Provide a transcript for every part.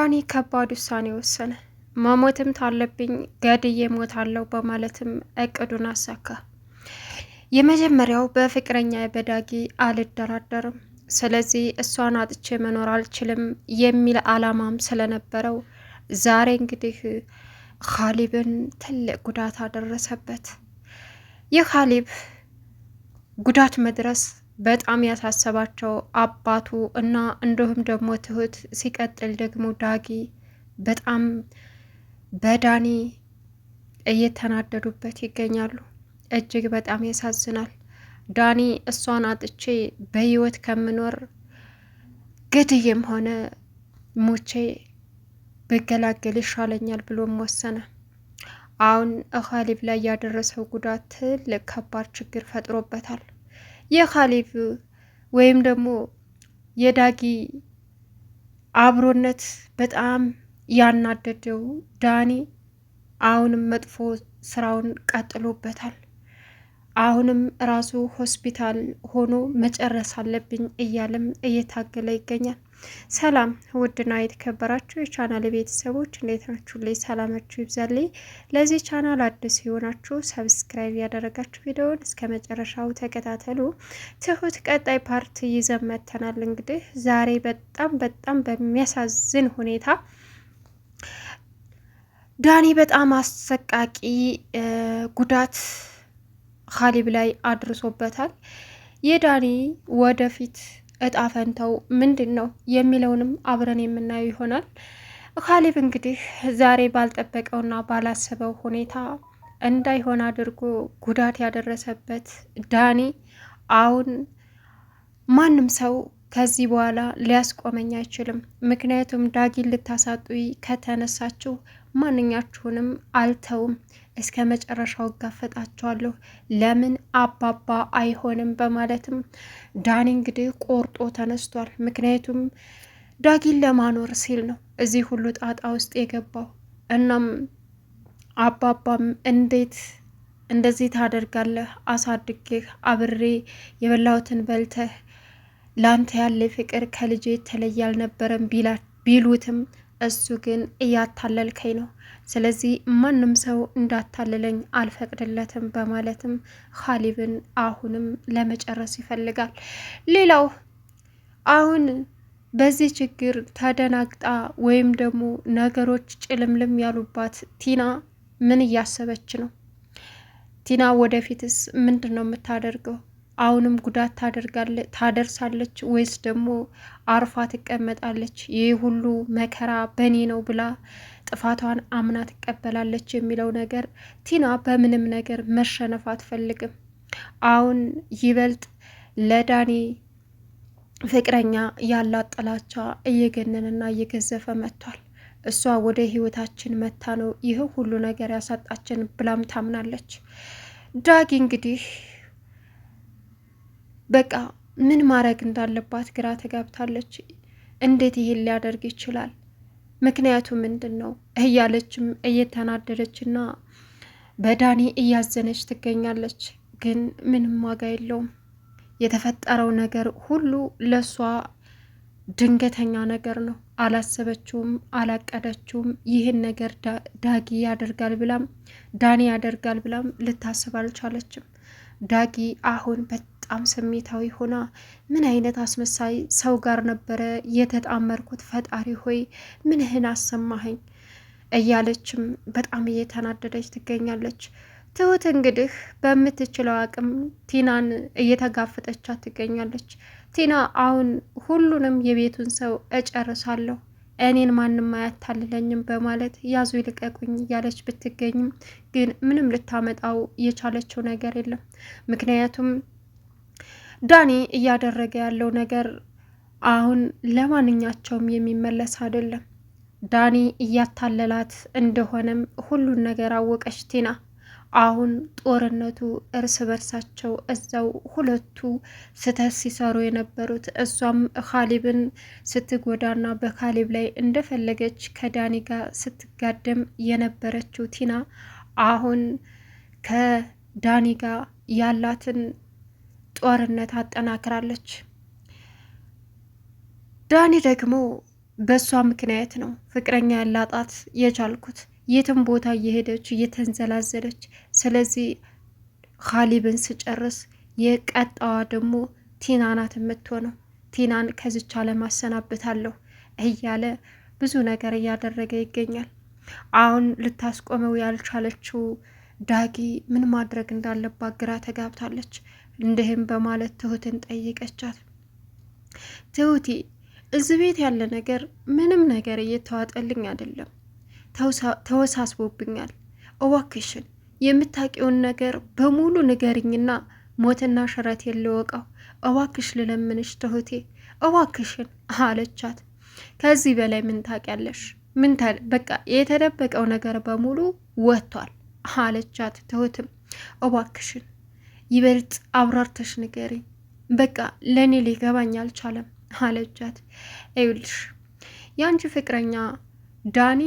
ዳኒ ከባድ ውሳኔ ወሰነ። መሞትም ታለብኝ ገድዬ ሞታለሁ በማለትም እቅዱን አሳካ። የመጀመሪያው በፍቅረኛ በዳጊ አልደራደርም፣ ስለዚህ እሷን አጥቼ መኖር አልችልም የሚል አላማም ስለነበረው ዛሬ እንግዲህ ካሊብን ትልቅ ጉዳት አደረሰበት። ይህ ካሊብ ጉዳት መድረስ በጣም ያሳሰባቸው አባቱ እና እንዲሁም ደግሞ ትሁት፣ ሲቀጥል ደግሞ ዳጊ በጣም በዳኒ እየተናደዱበት ይገኛሉ። እጅግ በጣም ያሳዝናል። ዳኒ እሷን አጥቼ በህይወት ከምኖር ግድዬም ሆነ ሙቼ ብገላገል ይሻለኛል ብሎም ወሰነ። አሁን እኻሊብ ላይ ያደረሰው ጉዳት ትልቅ ከባድ ችግር ፈጥሮበታል። የካሌብ ወይም ደግሞ የዳጊ አብሮነት በጣም ያናደደው ዳኒ አሁንም መጥፎ ስራውን ቀጥሎበታል። አሁንም ራሱ ሆስፒታል ሆኖ መጨረስ አለብኝ እያለም እየታገለ ይገኛል። ሰላም ውድና የተከበራችሁ የቻናል ቤተሰቦች እንዴት ናችሁ? ላይ ሰላማችሁ ይብዛልኝ። ለዚህ ቻናል አዲስ የሆናችሁ ሰብስክራይብ ያደረጋችሁ ቪዲዮውን እስከ መጨረሻው ተከታተሉ። ትሁት ቀጣይ ፓርት ይዘን መጥተናል። እንግዲህ ዛሬ በጣም በጣም በሚያሳዝን ሁኔታ ዳኒ በጣም አሰቃቂ ጉዳት ካሊብ ላይ አድርሶበታል። የዳኒ ወደፊት እጣ ፈንታው ምንድን ነው የሚለውንም አብረን የምናየው ይሆናል። ካሊብ እንግዲህ ዛሬ ባልጠበቀውና ባላሰበው ሁኔታ እንዳይሆን አድርጎ ጉዳት ያደረሰበት ዳኒ አሁን ማንም ሰው ከዚህ በኋላ ሊያስቆመኝ አይችልም። ምክንያቱም ዳጊን ልታሳጡ ከተነሳችሁ ማንኛችሁንም አልተውም፣ እስከ መጨረሻው እጋፈጣቸዋለሁ ለምን አባባ አይሆንም በማለትም ዳኒ እንግዲህ ቆርጦ ተነስቷል። ምክንያቱም ዳጊን ለማኖር ሲል ነው እዚህ ሁሉ ጣጣ ውስጥ የገባው። እናም አባባም እንዴት እንደዚህ ታደርጋለህ? አሳድጌህ አብሬ የበላሁትን በልተህ ላንተ ያለ ፍቅር ከልጄ የተለየ አልነበረም ቢሉትም እሱ ግን እያታለልከኝ ነው። ስለዚህ ማንም ሰው እንዳታልለኝ አልፈቅድለትም በማለትም ካሌብን አሁንም ለመጨረስ ይፈልጋል። ሌላው አሁን በዚህ ችግር ተደናግጣ ወይም ደግሞ ነገሮች ጭልምልም ያሉባት ቲና ምን እያሰበች ነው? ቲና ወደፊትስ ምንድን ነው የምታደርገው? አሁንም ጉዳት ታደርሳለች ወይስ ደግሞ አርፋ ትቀመጣለች? ይህ ሁሉ መከራ በእኔ ነው ብላ ጥፋቷን አምና ትቀበላለች የሚለው ነገር ቲና በምንም ነገር መሸነፍ አትፈልግም። አሁን ይበልጥ ለዳኒ ፍቅረኛ ያላት ጥላቻ እየገነነና እየገዘፈ መጥቷል። እሷ ወደ ህይወታችን መታ ነው ይህ ሁሉ ነገር ያሳጣችን ብላም ታምናለች። ዳጊ እንግዲህ በቃ ምን ማድረግ እንዳለባት ግራ ተጋብታለች። እንዴት ይህን ሊያደርግ ይችላል? ምክንያቱ ምንድን ነው? እያለችም እየተናደደችና በዳኒ እያዘነች ትገኛለች። ግን ምንም ዋጋ የለውም። የተፈጠረው ነገር ሁሉ ለእሷ ድንገተኛ ነገር ነው። አላሰበችውም፣ አላቀደችውም። ይህን ነገር ዳጊ ያደርጋል ብላም ዳኒ ያደርጋል ብላም ልታስብ አልቻለችም። ዳጊ አሁን በጣም ስሜታዊ ሆና ምን አይነት አስመሳይ ሰው ጋር ነበረ የተጣመርኩት? ፈጣሪ ሆይ ምንህን አሰማኸኝ? እያለችም በጣም እየተናደደች ትገኛለች። ትሁት እንግዲህ በምትችለው አቅም ቲናን እየተጋፈጠቻት ትገኛለች። ቲና አሁን ሁሉንም የቤቱን ሰው እጨርሳለሁ፣ እኔን ማንም አያታልለኝም በማለት ያዙ ይልቀቁኝ እያለች ብትገኝም ግን ምንም ልታመጣው የቻለችው ነገር የለም ምክንያቱም ዳኒ እያደረገ ያለው ነገር አሁን ለማንኛቸውም የሚመለስ አይደለም። ዳኒ እያታለላት እንደሆነም ሁሉን ነገር አወቀች ቲና። አሁን ጦርነቱ እርስ በርሳቸው እዛው ሁለቱ ስህተት ሲሰሩ የነበሩት እሷም ካሊብን ስትጎዳና በካሊብ ላይ እንደፈለገች ከዳኒ ጋር ስትጋደም የነበረችው ቲና አሁን ከዳኒ ጋር ያላትን ጦርነት አጠናክራለች። ዳኒ ደግሞ በእሷ ምክንያት ነው ፍቅረኛ ያላጣት የቻልኩት የትም ቦታ እየሄደች እየተንዘላዘለች። ስለዚህ ኻሊብን ስጨርስ የቀጣዋ ደግሞ ቲና ናት የምትሆነው። ቲናን ከዚች ዓለም አሰናብታለሁ እያለ ብዙ ነገር እያደረገ ይገኛል። አሁን ልታስቆመው ያልቻለችው ዳጊ ምን ማድረግ እንዳለባት ግራ ተጋብታለች። እንዲህም በማለት ትሁትን ጠይቀቻት። ትሁቲ እዚህ ቤት ያለ ነገር ምንም ነገር እየተዋጠልኝ አይደለም፣ ተወሳስቦብኛል። እዋክሽን የምታውቂውን ነገር በሙሉ ንገርኝና ሞትና ሽረት የለወቀው እዋክሽ ልለምንሽ ትሁቴ እዋክሽን አለቻት። ከዚህ በላይ ምን ታውቂያለሽ? ምን በቃ የተደበቀው ነገር በሙሉ ወጥቷል አለቻት። ትሁትም እዋክሽን ይበልጥ አብራርተሽ ንገሪኝ። በቃ ለእኔ ሊገባኝ አልቻለም አለቻት። ይኸውልሽ የአንቺ ፍቅረኛ ዳኒ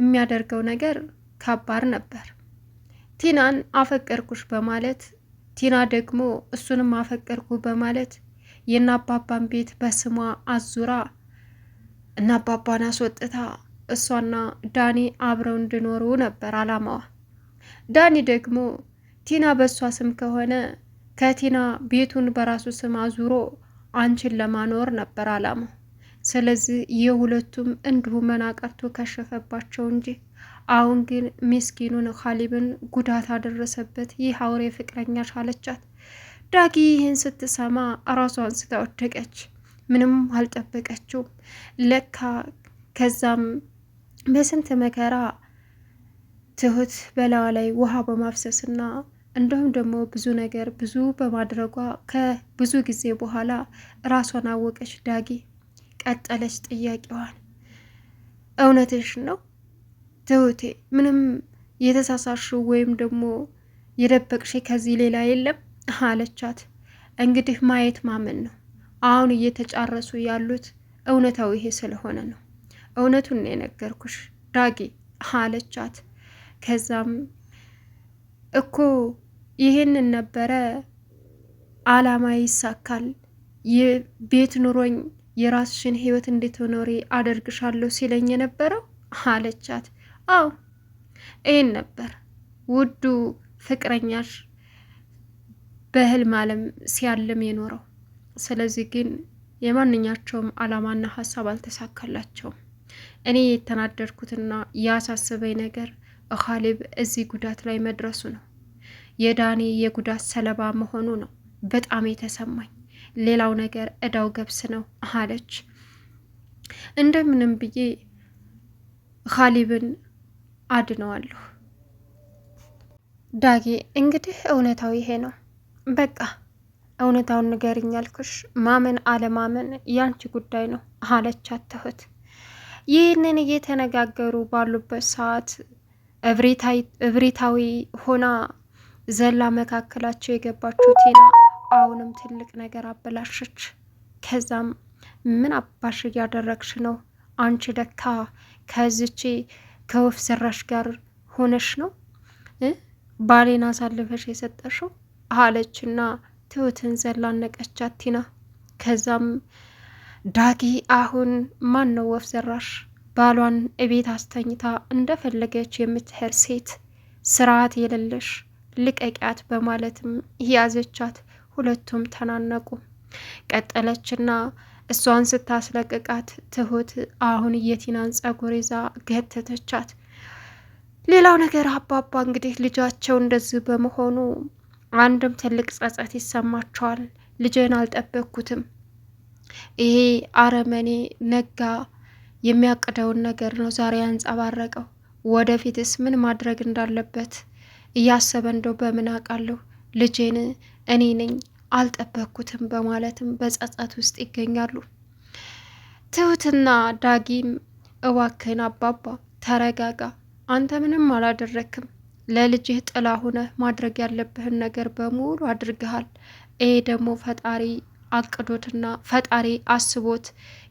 የሚያደርገው ነገር ከባድ ነበር። ቲናን አፈቀርኩሽ በማለት ቲና ደግሞ እሱንም አፈቀርኩ በማለት የእናባባን ቤት በስሟ አዙራ እናባባን አስወጥታ እሷና ዳኒ አብረው እንዲኖሩ ነበር አላማዋ። ዳኒ ደግሞ ቲና በእሷ ስም ከሆነ ከቲና ቤቱን በራሱ ስም አዙሮ አንቺን ለማኖር ነበር አላማው። ስለዚህ የሁለቱም እንዲሁ መናቀርቱ ከሸፈባቸው እንጂ አሁን ግን ሚስኪኑን ካሊብን ጉዳት አደረሰበት። ይህ አውሬ ፍቅረኛ ሻለቻት። ዳጊ ይህን ስትሰማ ራሷን ስታ ወደቀች። ምንም አልጠበቀችውም ለካ። ከዛም በስንት መከራ ትሁት በላዋ ላይ ውሃ በማፍሰስና እንዲሁም ደግሞ ብዙ ነገር ብዙ በማድረጓ ከብዙ ጊዜ በኋላ ራሷን አወቀች። ዳጊ ቀጠለች ጥያቄዋን። እውነትሽ ነው ትሁቴ፣ ምንም የተሳሳሽው ወይም ደግሞ የደበቅሽ ከዚህ ሌላ የለም አለቻት። እንግዲህ ማየት ማመን ነው። አሁን እየተጫረሱ ያሉት እውነታው ይሄ ስለሆነ ነው። እውነቱን የነገርኩሽ ዳጊ አለቻት። ከዛም እኮ ይህንን ነበረ አላማ ይሳካል ቤት ኑሮኝ የራስሽን ህይወት እንድትኖሪ አደርግሻለሁ ሲለኝ የነበረው አለቻት። አዎ ይህን ነበር ውዱ ፍቅረኛሽ በህልም ማለም ሲያልም የኖረው። ስለዚህ ግን የማንኛቸውም አላማና ሀሳብ አልተሳካላቸውም። እኔ የተናደድኩትና ያሳስበኝ ነገር ካሌብ እዚህ ጉዳት ላይ መድረሱ ነው። የዳኒ የጉዳት ሰለባ መሆኑ ነው በጣም የተሰማኝ። ሌላው ነገር እዳው ገብስ ነው አለች። እንደምንም ብዬ ኻሊብን አድነዋለሁ። ዳጌ እንግዲህ እውነታው ይሄ ነው። በቃ እውነታውን ንገሪኝ አልኩሽ። ማመን አለማመን ያንቺ ጉዳይ ነው አለቻት ትሁት። ይህንን እየተነጋገሩ ባሉበት ሰዓት እብሪታዊ ሆና ዘላ መካከላቸው የገባችው ቲና አሁንም ትልቅ ነገር አበላሸች። ከዛም ምን አባሽ እያደረግሽ ነው አንቺ? ደካ ከዚች ከወፍ ሰራሽ ጋር ሆነሽ ነው ባሌን አሳልፈሽ የሰጠሽው አለችና ትሁትን ዘላነቀቻት ቲና። ከዛም ዳጊ አሁን ማን ነው ወፍ ዘራሽ? ባሏን እቤት አስተኝታ እንደፈለገች የምትሄድ ሴት ስርዓት የሌለሽ ልቀቂያት በማለትም ያዘቻት። ሁለቱም ተናነቁ። ቀጠለችና እሷን ስታስለቅቃት ትሁት አሁን የቲናን ጸጉር ይዛ ገተተቻት። ሌላው ነገር አባባ እንግዲህ ልጃቸው እንደዚህ በመሆኑ አንድም ትልቅ ጸጸት ይሰማቸዋል። ልጄን አልጠበኩትም። ይሄ አረመኔ ነጋ የሚያቅደውን ነገር ነው ዛሬ ያንጸባረቀው። ወደፊትስ ምን ማድረግ እንዳለበት እያሰበ እንደው በምን አውቃለሁ ልጄን እኔ ነኝ አልጠበኩትም በማለትም በጸጸት ውስጥ ይገኛሉ። ትሁትና ዳጊም እባክህን አባባ ተረጋጋ፣ አንተ ምንም አላደረክም። ለልጅህ ጥላ ሁነ ማድረግ ያለብህን ነገር በሙሉ አድርገሃል። ይሄ ደግሞ ፈጣሪ አቅዶትና ፈጣሪ አስቦት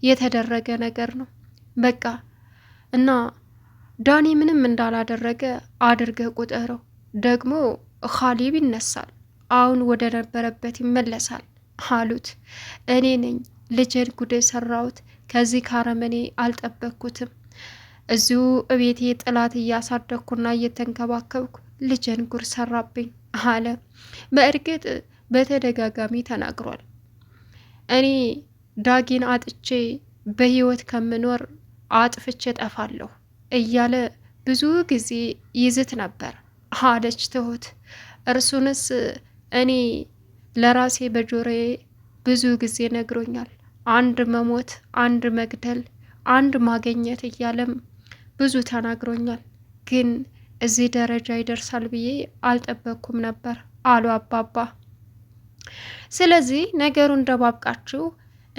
የተደረገ ነገር ነው። በቃ እና ዳኒ ምንም እንዳላደረገ አድርገህ ቁጠረው። ደግሞ ኻሊብ ይነሳል፣ አሁን ወደ ነበረበት ይመለሳል አሉት። እኔ ነኝ ልጄን ጉድ ሰራሁት። ከዚህ ካረመኔ አልጠበቅኩትም። እዚሁ እቤቴ ጥላት እያሳደግኩና እየተንከባከብኩ ልጄን ጉድ ሰራብኝ አለ። በእርግጥ በተደጋጋሚ ተናግሯል። እኔ ዳጊን አጥቼ በህይወት ከምኖር አጥፍቼ ጠፋለሁ እያለ ብዙ ጊዜ ይዝት ነበር አለች ትሁት። እርሱንስ እኔ ለራሴ በጆሮዬ ብዙ ጊዜ ነግሮኛል። አንድ መሞት፣ አንድ መግደል፣ አንድ ማገኘት እያለም ብዙ ተናግሮኛል። ግን እዚህ ደረጃ ይደርሳል ብዬ አልጠበቅኩም ነበር አሉ አባባ። ስለዚህ ነገሩ ደባብቃችሁ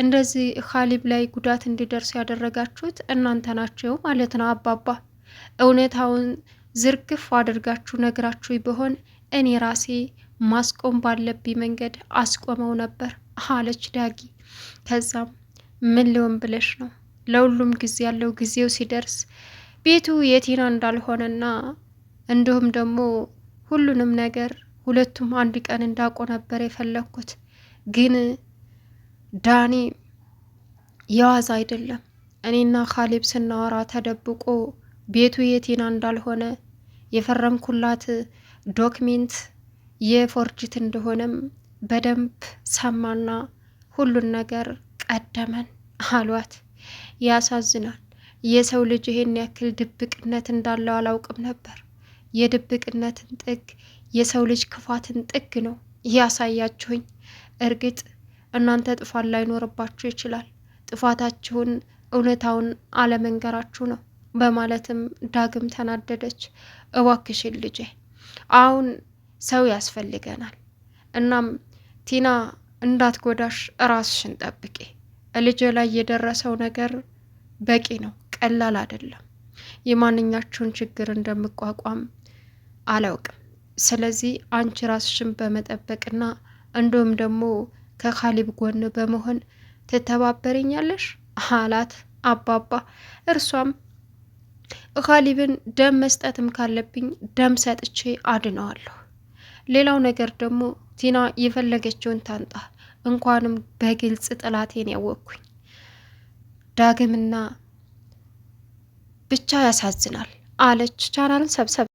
እንደዚህ ኻሊብ ላይ ጉዳት እንዲደርስ ያደረጋችሁት እናንተ ናችሁ ማለት ነው አባባ። እውነታውን ዝርግፍ አድርጋችሁ ነግራችሁ ቢሆን እኔ ራሴ ማስቆም ባለብኝ መንገድ አስቆመው ነበር አለች ዳጊ። ከዛም ምን ልሆን ብለሽ ነው? ለሁሉም ጊዜ ያለው ጊዜው ሲደርስ ቤቱ የቴና እንዳልሆነና እንዲሁም ደግሞ ሁሉንም ነገር ሁለቱም አንድ ቀን እንዳውቁ ነበር የፈለግኩት ግን ዳኒ የዋዛ አይደለም። እኔና ካሌብ ስናወራ ተደብቆ ቤቱ የቴና እንዳልሆነ የፈረምኩላት ዶክሜንት የፎርጅት እንደሆነም በደንብ ሰማና ሁሉን ነገር ቀደመን አሏት። ያሳዝናል። የሰው ልጅ ይሄን ያክል ድብቅነት እንዳለው አላውቅም ነበር። የድብቅነትን ጥግ፣ የሰው ልጅ ክፋትን ጥግ ነው ያሳያችሁኝ። እርግጥ እናንተ ጥፋት ላይኖርባችሁ ይችላል። ጥፋታችሁን እውነታውን አለመንገራችሁ ነው በማለትም ዳግም ተናደደች። እባክሽን ልጄ አሁን ሰው ያስፈልገናል። እናም ቲና እንዳትጎዳሽ ራስሽን ጠብቂ። ልጄ ላይ የደረሰው ነገር በቂ ነው፣ ቀላል አይደለም። የማንኛችሁን ችግር እንደምቋቋም አላውቅም። ስለዚህ አንቺ ራስሽን በመጠበቅና እንዲሁም ደግሞ ከካሊብ ጎን በመሆን ትተባበረኛለሽ አላት አባባ። እርሷም ካሊብን ደም መስጠትም ካለብኝ ደም ሰጥቼ አድነዋለሁ። ሌላው ነገር ደግሞ ቲና የፈለገችውን ታንጣ፣ እንኳንም በግልጽ ጥላቴን ያወቅኩኝ ዳግምና ብቻ ያሳዝናል አለች። ቻናልን ሰብሰብ